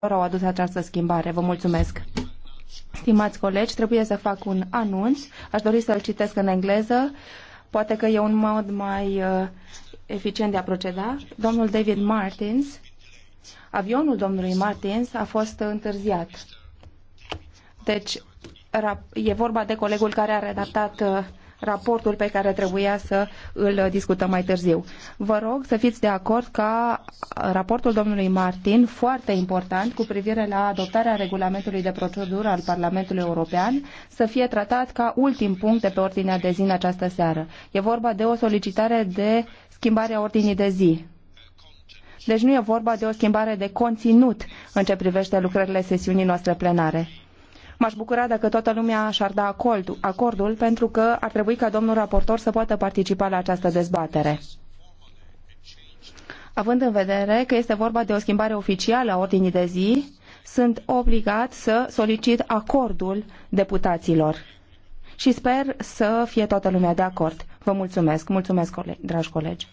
au adus această schimbare. Vă mulțumesc! Stimați colegi, trebuie să fac un anunț. Aș dori să-l citesc în engleză. Poate că e un mod mai uh, eficient de a proceda. Domnul David Martins, avionul domnului Martins a fost întârziat. Deci, e vorba de colegul care a redactat uh, raportul pe care trebuia să îl discutăm mai târziu. Vă rog să fiți de acord ca raportul domnului Martin, foarte important cu privire la adoptarea regulamentului de procedură al Parlamentului European, să fie tratat ca ultim punct de pe ordinea de zi în această seară. E vorba de o solicitare de schimbare a ordinii de zi. Deci nu e vorba de o schimbare de conținut în ce privește lucrările sesiunii noastre plenare. M-aș bucura dacă toată lumea și-ar da acordul, acordul, pentru că ar trebui ca domnul raportor să poată participa la această dezbatere. Având în vedere că este vorba de o schimbare oficială a ordinii de zi, sunt obligat să solicit acordul deputaților. Și sper să fie toată lumea de acord. Vă mulțumesc. Mulțumesc, dragi colegi.